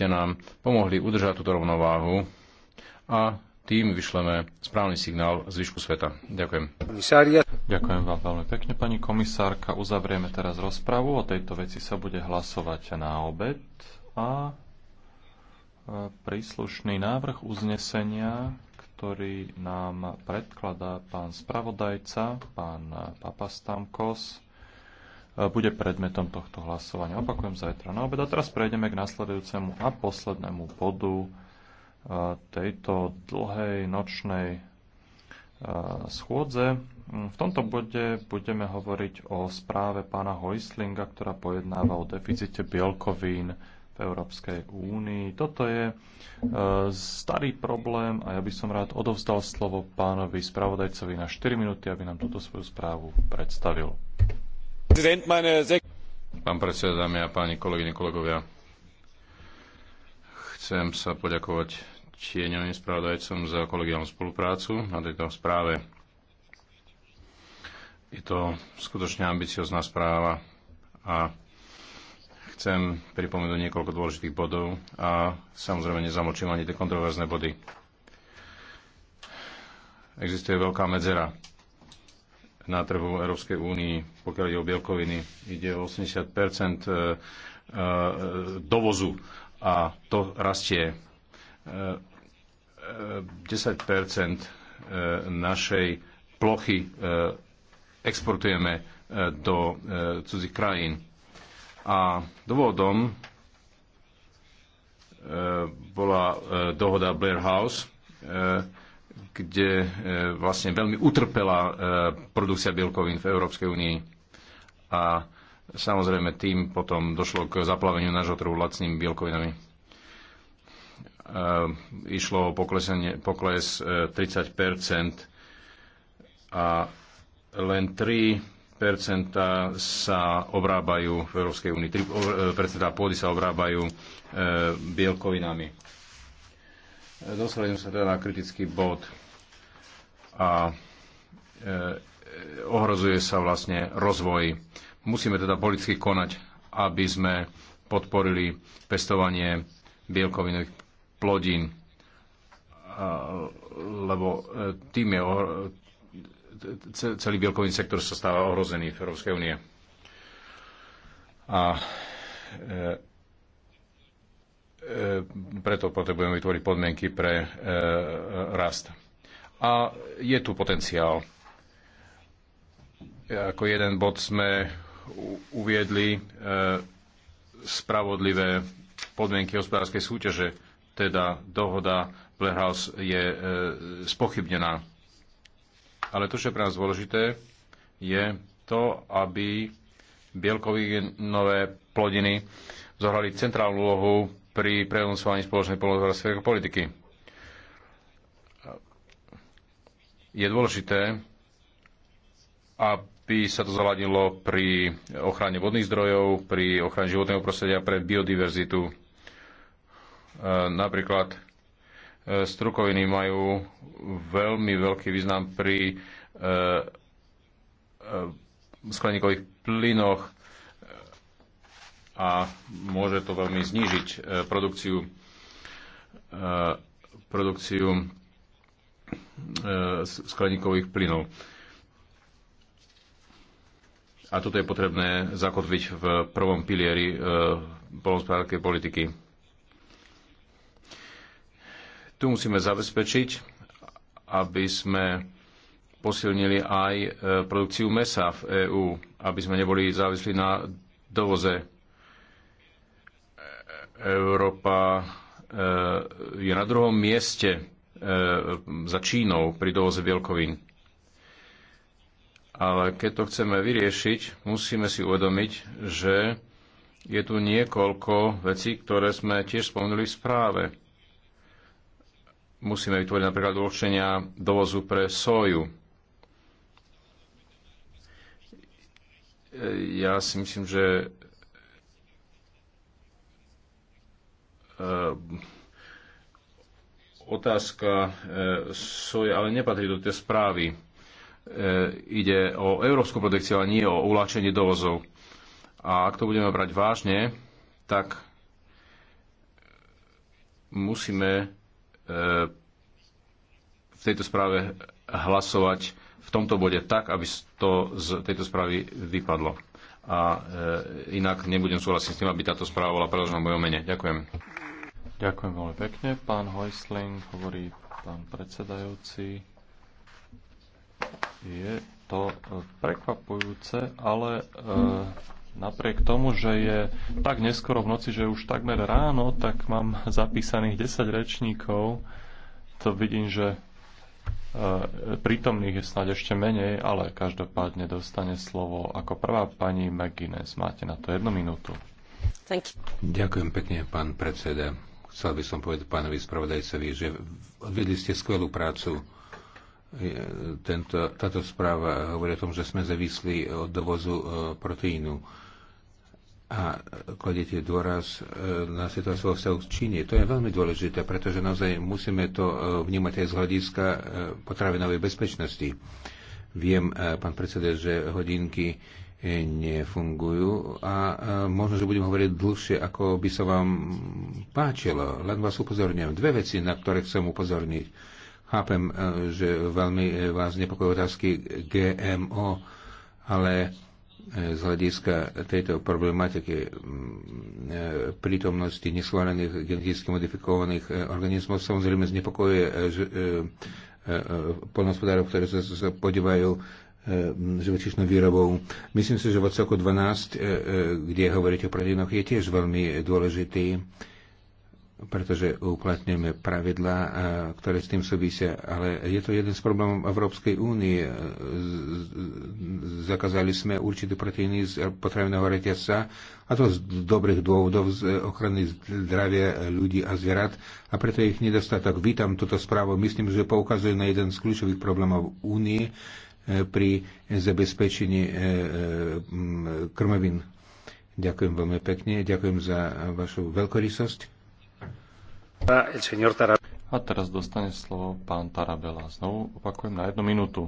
ste nám pomohli udržať túto rovnováhu a tým vyšleme správny signál zvyšku sveta. Ďakujem. Komisária. Ďakujem vám veľmi pekne, pani komisárka. Uzavrieme teraz rozpravu. O tejto veci sa bude hlasovať na obed a e, príslušný návrh uznesenia, ktorý nám predkladá pán spravodajca, pán Papastamkos, E, bude predmetom tohto hlasovania. Opakujem zajtra na obed. A teraz prejdeme k nasledujúcemu a poslednému bodu e, tejto dlhej nočnej e, schôdze. V tomto bode budeme hovoriť o správe pána Hoislinga, ktorá pojednáva o deficite bielkovín v Európskej únii. Toto je starý problém a ja by som rád odovzdal slovo pánovi spravodajcovi na 4 minúty, aby nám túto svoju správu predstavil. Pán predseda, dámy a páni, kolegyne, kolegovia. Chcem sa poďakovať tieňovým spravodajcom za kolegiálnu spoluprácu na tejto správe. Je to skutočne ambiciozná správa a chcem pripomenúť niekoľko dôležitých bodov a samozrejme nezamlčím ani tie kontroverzné body. Existuje veľká medzera na trhu Európskej únii, pokiaľ ide o bielkoviny. Ide o 80 e, e, dovozu a to rastie. 10 e, našej plochy exportujeme do cudzích krajín. A dôvodom bola dohoda Blair House, kde e, vlastne veľmi utrpela e, produkcia bielkovín v Európskej únii. A samozrejme tým potom došlo k zaplaveniu nášho trhu lacnými bielkovinami. E, išlo o pokles 30 a len 3 percenta sa obrábajú v Európskej únii, 3 percenta pôdy sa obrábajú bielkovinami Dosledím sa teda na kritický bod a e, ohrozuje sa vlastne rozvoj. Musíme teda politicky konať, aby sme podporili pestovanie bielkovinových plodín, a, lebo e, tým je ohr- celý bielkovinový sektor sa stáva ohrozený v Európskej únie. A e, E, preto potrebujeme vytvoriť podmienky pre e, rast. A je tu potenciál. E, ako jeden bod sme uviedli spravodlivé podmienky hospodárskej súťaže, teda dohoda Blairhouse je spochybnená. Ale to, čo je pre nás dôležité, je to, aby bielkovinové plodiny zohrali centrálnu úlohu pri prenosovaní spoločnej polnohospodárskej politiky. Je dôležité, aby sa to zaladilo pri ochrane vodných zdrojov, pri ochrane životného prostredia, pre biodiverzitu. E, napríklad e, strukoviny majú veľmi veľký význam pri e, skleníkových plynoch a môže to veľmi znížiť e, produkciu, e, produkciu e, skleníkových plynov. A toto je potrebné zakotviť v prvom pilieri polnospodárskej politiky. Tu musíme zabezpečiť, aby sme posilnili aj produkciu mesa v EÚ, aby sme neboli závislí na dovoze Európa e, je na druhom mieste e, za Čínou pri dovoze bielkovín. Ale keď to chceme vyriešiť, musíme si uvedomiť, že je tu niekoľko vecí, ktoré sme tiež spomenuli v správe. Musíme vytvoriť napríklad určenia dovozu pre soju. E, ja si myslím, že Ehm, otázka ehm, soje ale nepatrí do tej správy. Ehm, ide o európsku produkciu, ale nie o uľahčenie dovozov. A ak to budeme brať vážne, tak musíme v tejto správe hlasovať v tomto bode tak, aby to z tejto správy vypadlo. A inak nebudem súhlasiť s tým, aby táto správa bola predložená v mojom mene. Ďakujem. Ďakujem veľmi pekne. Pán Hojsling, hovorí pán predsedajúci. Je to e, prekvapujúce, ale e, napriek tomu, že je tak neskoro v noci, že už takmer ráno, tak mám zapísaných 10 rečníkov. To vidím, že e, prítomných je snáď ešte menej, ale každopádne dostane slovo ako prvá pani McGuinness. Máte na to jednu minútu. Ďakujem pekne, pán predseda Chcel by som povedať pánovi spravodajcovi, že odvedli ste skvelú prácu. Tento, táto správa hovorí o tom, že sme zavisli od dovozu e, proteínu a kladete dôraz e, na situáciu vo vzťahu k Číne. To je veľmi dôležité, pretože naozaj musíme to e, vnímať aj z hľadiska potravinovej bezpečnosti. Viem, pán predseda, že hodinky E, nefungujú a e, možno, že budem hovoriť dlhšie, ako by sa vám páčilo. Len vás upozorňujem. Dve veci, na ktoré chcem upozorniť. Chápem, e, že veľmi vás nepokojú otázky GMO, ale z hľadiska tejto problematiky prítomnosti neschválených geneticky modifikovaných organizmov samozrejme znepokojuje polnospodárov, ktorí sa podívajú E, živočišnou výrobou. Myslím si, že v odseku 12, e, e, kde hovoríte o pradinoch, je tiež veľmi dôležitý, pretože uplatňujeme pravidlá, ktoré s tým súvisia. Ale je to jeden z problémov Európskej únie. Zakázali sme určité proteíny z potravinového reťazca, a to z dobrých dôvodov, z ochrany zdravia ľudí a zvierat, a preto ich nedostatok. Vítam túto správu. Myslím, že poukazuje na jeden z kľúčových problémov únie, pri zabezpečení e, e, krmovín. Ďakujem veľmi pekne, ďakujem za vašu veľkorysosť. A teraz dostane slovo pán Tarabela. Znovu opakujem na jednu minútu.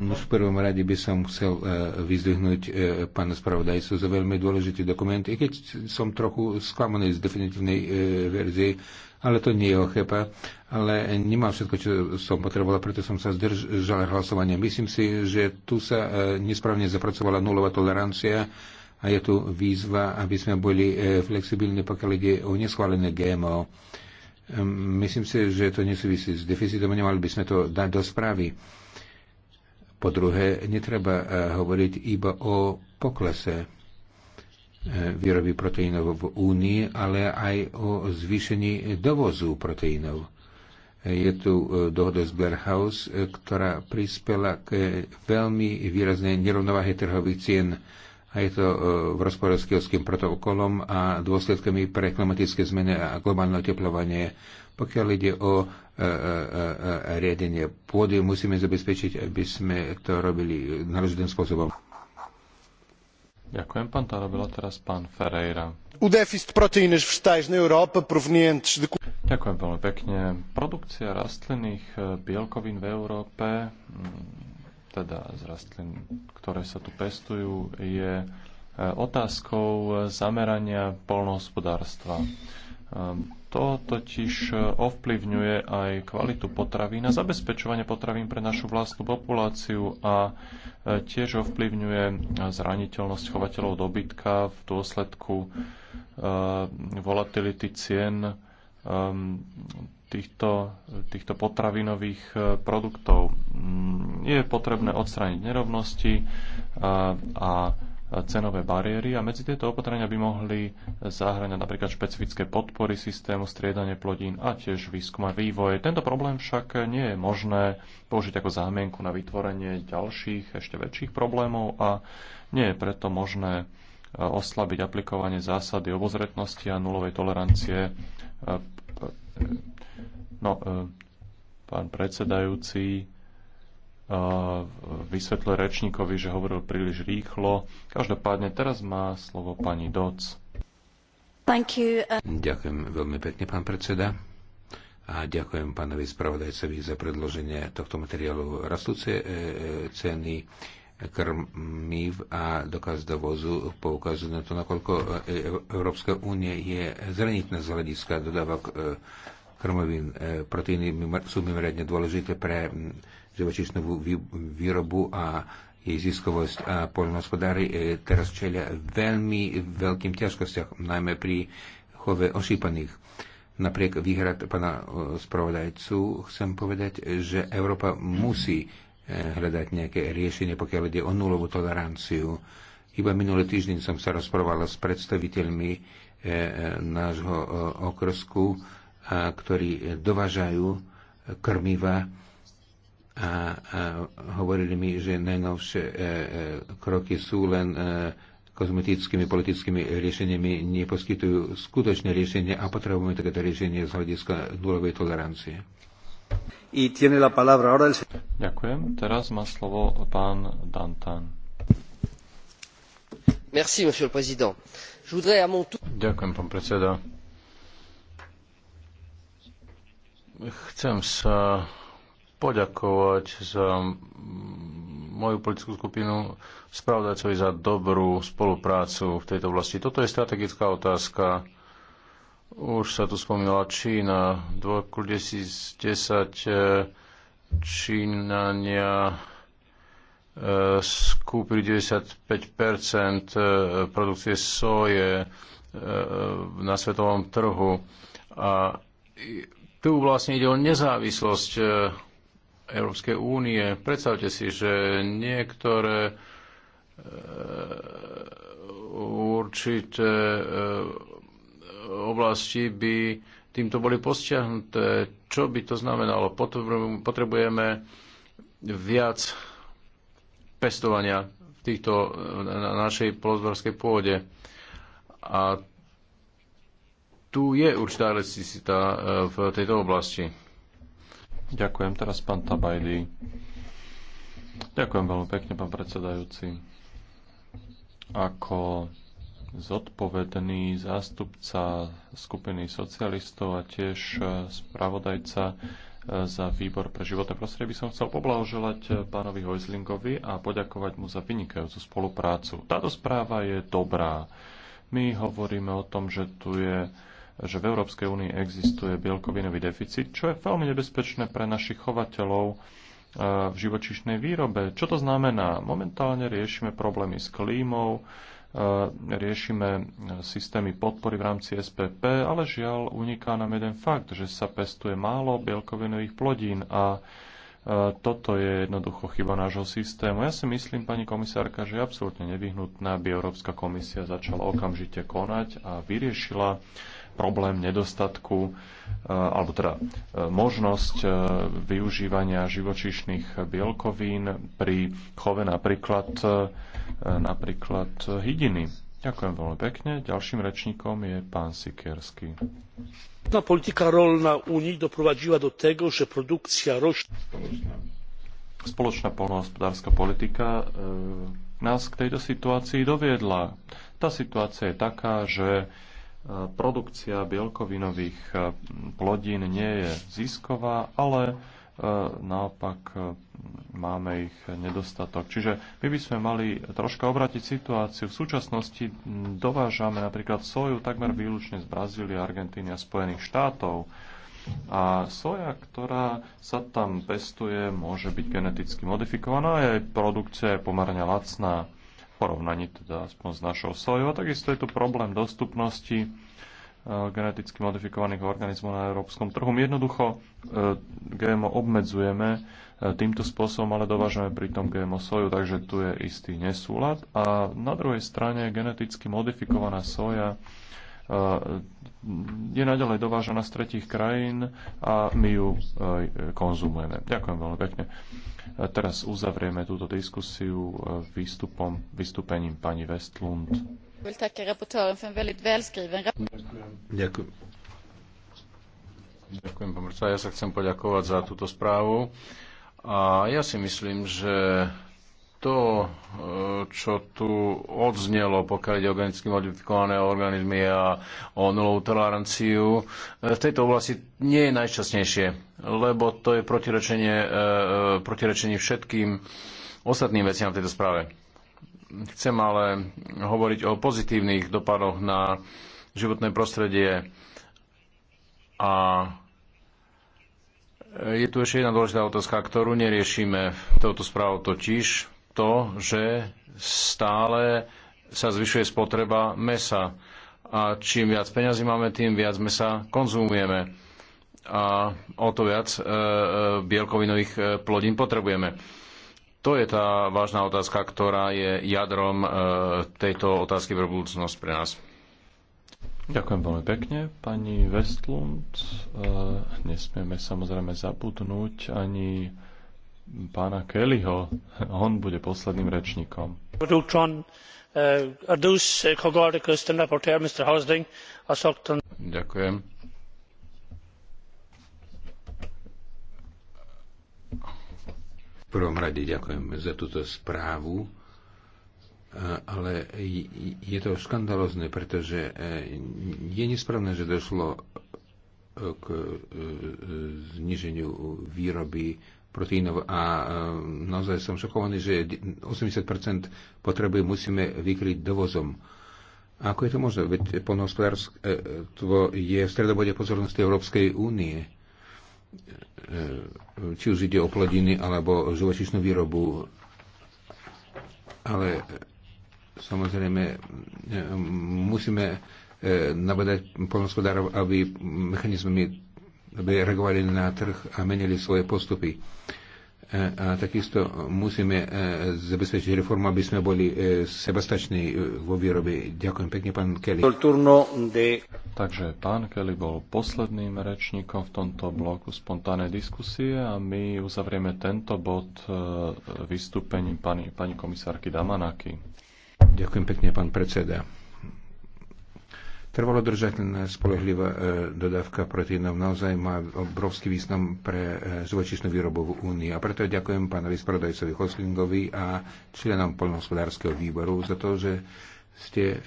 No, v prvom rade by som chcel e, vyzdvihnúť pána spravodajcu za veľmi dôležitý dokument, i keď som trochu sklamaný z definitívnej verzie, ale to nie je o chepa, Ale nemám všetko, čo som potreboval, preto som sa zdržal hlasovania. Myslím si, že tu sa e, nesprávne zapracovala nulová tolerancia a je tu výzva, aby sme boli e, flexibilní, pokiaľ ide o neschválené GMO. Myslím si, že to nesúvisí s deficitom, nemali by sme to dať do správy. Po druhé, netreba e, hovoriť iba o poklese výroby proteínov v Únii, ale aj o zvýšení dovozu proteínov. Je tu e, dohoda z Blair House, ktorá prispela k e, veľmi výraznej nerovnováhe trhových cien a je to e, v rozpore s kielským protokolom a dôsledkami pre klimatické zmeny a globálne oteplovanie. Pokiaľ ide o riadenie pôdy, musíme zabezpečiť, aby sme to robili náležitým spôsobom. Ďakujem, pán Tarabela, teraz pán Ferreira. Ďakujem veľmi pekne. Produkcia rastlinných e, bielkovín v Európe, mm, teda z rastlín, ktoré sa tu pestujú, je e, otázkou e, zamerania polnohospodárstva. Ehm, to totiž e, ovplyvňuje aj kvalitu potravín a zabezpečovanie potravín pre našu vlastnú populáciu a e, tiež ovplyvňuje e, zraniteľnosť chovateľov dobytka v dôsledku volatility cien týchto, týchto potravinových produktov. Mm, je potrebné odstrániť nerovnosti a, a cenové bariéry a medzi tieto opatrenia by mohli zahrňať napríklad špecifické podpory systému, striedanie plodín a tiež výskum a vývoj. Tento problém však nie je možné použiť ako zámienku na vytvorenie ďalších, ešte väčších problémov a nie je preto možné e, oslabiť aplikovanie zásady obozretnosti a nulovej tolerancie. E, e, no, pán predsedajúci, vysvetlil rečníkovi, že hovoril príliš rýchlo. Každopádne teraz má slovo pani Doc. Uh, ďakujem veľmi pekne, pán predseda. A ďakujem pánovi spravodajcovi za predloženie tohto materiálu. Rastúce e, e, ceny krmiv a dokaz dovozu poukazujú na to, nakoľko e, Európska únie je zranitná z hľadiska dodávok krmovín. Proteíny sú mimoriadne dôležité pre živočíšnu výrobu a jej ziskovosť a poľnohospodári e, teraz čelia veľmi veľkým ťažkostiach, najmä pri chove ošípaných. Napriek výhrad pana spravodajcu chcem povedať, že Európa musí e, hľadať nejaké riešenie, pokiaľ ide o nulovú toleranciu. Iba minulý týždeň som sa rozprávala s predstaviteľmi e, nášho okrsku, ktorí dovážajú krmiva a, a hovorili mi, že najnovšie e, e, kroky sú len e, kozmetickými politickými riešeniami, neposkytujú skutočné riešenie a potrebujeme takéto riešenie z hľadiska nulovej tolerancie. Y tiene la palabra ahora el... Ďakujem. Teraz má slovo pán Dantan. Merci, monsieur le président. Je voudrais à mon tour... Ďakujem, pán predseda. Chcem sa poďakovať za mm, moju politickú skupinu spravodajcovi za dobrú spoluprácu v tejto oblasti. Toto je strategická otázka. Už sa tu spomínala Čína. V roku 2010 e, Čínania e, skúpili 95 e, produkcie soje na svetovom trhu. A tu vlastne ide o nezávislosť Európskej únie. Predstavte si, že niektoré e, určité e, oblasti by týmto boli postiahnuté. Čo by to znamenalo? Potrebujeme viac pestovania v týchto, na našej polozborskej pôde. A tu je určitá recisita e, v tejto oblasti. Ďakujem. Teraz pán Tabajdy. Ďakujem veľmi pekne, pán predsedajúci. Ako zodpovedný zástupca skupiny socialistov a tiež spravodajca za výbor pre životné prostredie by som chcel poblahoželať pánovi Hojzlingovi a poďakovať mu za vynikajúcu spoluprácu. Táto správa je dobrá. My hovoríme o tom, že tu je že v Európskej únii existuje bielkovinový deficit, čo je veľmi nebezpečné pre našich chovateľov eh, v živočišnej výrobe. Čo to znamená? Momentálne riešime problémy s klímou, eh, riešime eh, systémy podpory v rámci SPP, ale žiaľ uniká nám jeden fakt, že sa pestuje málo bielkovinových plodín a toto je jednoducho chyba nášho systému. Ja si myslím, pani komisárka, že je absolútne nevyhnutné, aby Európska komisia začala okamžite konať a vyriešila problém nedostatku e, alebo teda e, možnosť e, využívania živočíšnych bielkovín pri chove napríklad, napríklad hydiny. Ďakujem veľmi pekne. Ďalším rečníkom je pán Sikersky. Politika rolná Unii doprowadziła do tego, že produkcia roč... Spoločná polnohospodárska politika e, nás k tejto situácii doviedla. Tá situácia je taká, že produkcia bielkovinových eh, plodín nie je zisková, ale eh, naopak eh, máme ich nedostatok. Čiže my by sme mali troška obratiť situáciu. V súčasnosti hm, dovážame napríklad soju takmer výlučne z Brazílie, Argentíny a Spojených štátov. A soja, ktorá sa tam pestuje, môže byť geneticky modifikovaná, jej produkcia je pomerne lacná porovnaní teda aspoň s našou sojou. A takisto je tu problém dostupnosti e, geneticky modifikovaných organizmov na európskom trhu. My jednoducho e, GMO obmedzujeme e, týmto spôsobom, ale dovážame pritom GMO soju, takže tu je istý nesúlad. A na druhej strane geneticky modifikovaná soja je naďalej dovážaná z tretich krajín a my ju e, konzumujeme. Ďakujem veľmi pekne. Teraz uzavrieme túto diskusiu e, výstupom, vystúpením pani Westlund. Ďakujem. Ďakujem, pán Ja sa chcem poďakovať za túto správu. A ja si myslím, že to, e, čo tu odznelo, pokiaľ ide o geneticky modifikované organizmy a o nulovú toleranciu, e, v tejto oblasti nie je najšťastnejšie, lebo to je protirečenie, e, protirečenie všetkým ostatným veciam v tejto správe. Chcem ale hovoriť o pozitívnych dopadoch na životné prostredie a je tu ešte jedna dôležitá otázka, ktorú neriešime v touto správu totiž to, že stále sa zvyšuje spotreba mesa. A čím viac peňazí máme, tým viac mesa konzumujeme. A o to viac e, e bielkovinových e, plodín potrebujeme. To je tá vážna otázka, ktorá je jadrom e, tejto otázky pre budúcnosť pre nás. Ďakujem veľmi pekne, pani Westlund. E, nesmieme samozrejme zabudnúť ani pána Kellyho. On bude posledným rečníkom. Eh, ďakujem. V prvom rade ďakujem za túto správu, eh, ale je to škandalozne, pretože eh, je nesprávne, že došlo k zniženiu výroby proteínov a e, naozaj som šokovaný, že 80% potreby musíme vykryť dovozom. Ako je to možné? Veď polnohospodárstvo e, e, je v stredobode pozornosti Európskej únie. Či už ide o plodiny alebo živočišnú výrobu. Ale samozrejme musíme nabadať polnohospodárov, aby mechanizmami aby reagovali na trh a menili svoje postupy. E, a takisto musíme e, zabezpečiť reformu, aby sme boli e, sebastační vo výrobe. Ďakujem pekne, pán Kelly. Takže pán Kelly bol posledným rečníkom v tomto bloku spontánnej diskusie a my uzavrieme tento bod vystúpením pani, pani komisárky Damanaky. Ďakujem pekne, pán predseda. Trvalo spolehlivá e, dodávka proteínov naozaj má obrovský význam pre e, živočíšnu výrobu v Únii. A preto ďakujem pánovi spravodajcovi Hoslingovi a členom poľnohospodárskeho výboru za to, že ste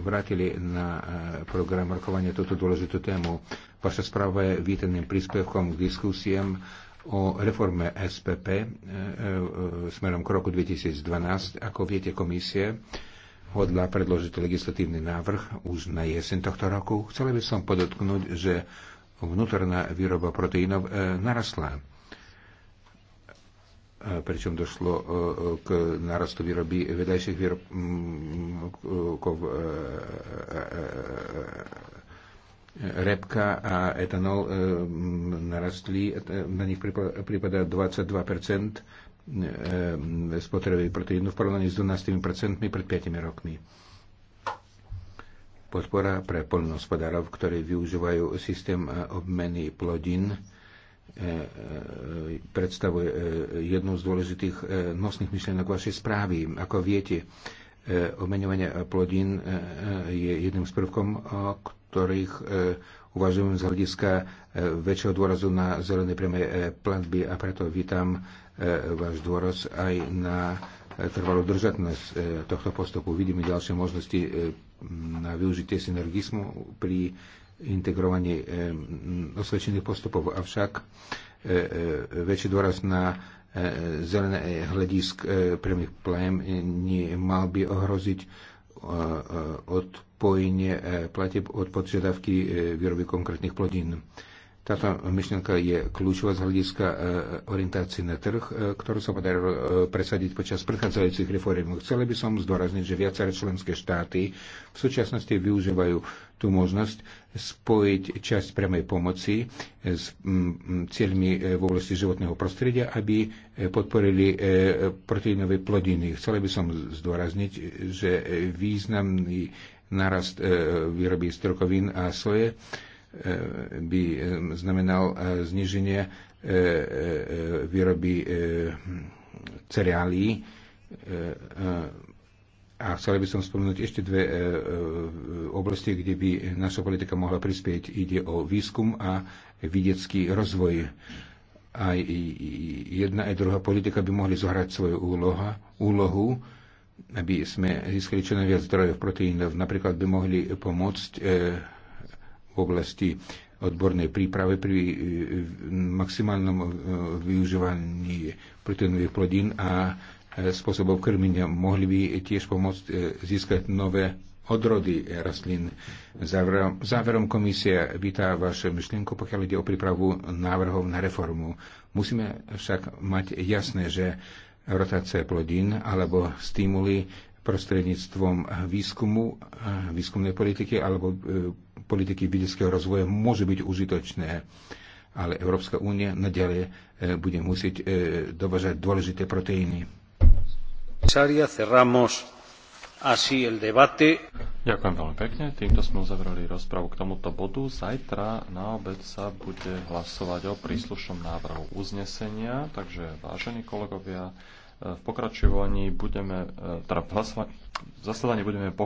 vrátili na e, program rokovania túto dôležitú tému. Vaša správa je vítaným príspevkom k diskusiem o reforme SPP smerom k roku 2012. Ako viete, komisie hodla predložiť legislatívny návrh už na jeseň tohto roku. Chcel by som podotknúť, že vnútorná výroba proteínov e, narastla e, pričom došlo e, k narastu výroby vedajších výrobkov repka a etanol narastli, na nich prípada 22%, E, spotreby proteínu v porovnaní s 12% pred 5 rokmi. Podpora pre poľnohospodárov, ktorí využívajú systém obmeny plodín, e, e, predstavuje jednu z dôležitých nosných myšlienok vašej správy. Ako viete, obmenovanie plodín je jedným z prvkom, o ktorých uvažujem z hľadiska väčšieho dôrazu na zelené priame platby a preto vítam E, váš dôraz aj na trvalú držatnosť e, tohto postupu. Vidíme ďalšie možnosti e, na využitie synergizmu pri integrovaní osvedčených postupov. Avšak väčší dôraz na zelené hľadisk priamých plajem mal by ohroziť odpojenie plateb od požiadavky výroby konkrétnych plodín. Táto myšlienka je kľúčová z hľadiska e, orientácie na trh, e, ktorú sa podarilo e, presadiť počas predchádzajúcich reform. Chcel by som zdôrazniť, že viaceré členské štáty v súčasnosti využívajú tú možnosť spojiť časť priamej pomoci s cieľmi v oblasti životného prostredia, aby podporili proteínové plodiny. Chcel by som zdôrazniť, že významný narast výroby strokovín a soje E, by znamenal e, zniženie e, výroby cereálií. A chcel by som spomenúť ešte dve oblasti, kde by naša politika mohla prispieť. Ide o výskum a vidiecký rozvoj. Aj jedna, aj druhá politika by mohli zohrať svoju úloha, úlohu, aby sme získali čo najviac zdrojov proteínov. Napríklad by mohli pomôcť oblasti odbornej príprave pri e, maximálnom e, využívaní proteínových plodín a e, spôsobov krmenia mohli by tiež pomôcť získať nové odrody rastlín. Záverom, záverom komisia vítá vaše myšlienku, pokiaľ ide o prípravu návrhov na reformu. Musíme však mať jasné, že rotácia plodín alebo stimuly prostredníctvom výskumu, výskumnej politiky alebo e, politiky vedeckého rozvoja môže byť užitočné. Ale Európska únia nadalej e, bude musieť e, dovažať dôležité proteíny. Ďakujem veľmi pekne. Týmto sme uzavreli rozpravu k tomuto bodu. Zajtra na obed sa bude hlasovať o príslušnom návrhu uznesenia. Takže, vážení kolegovia, v pokračovaní budeme, e, teda v zasadaní budeme po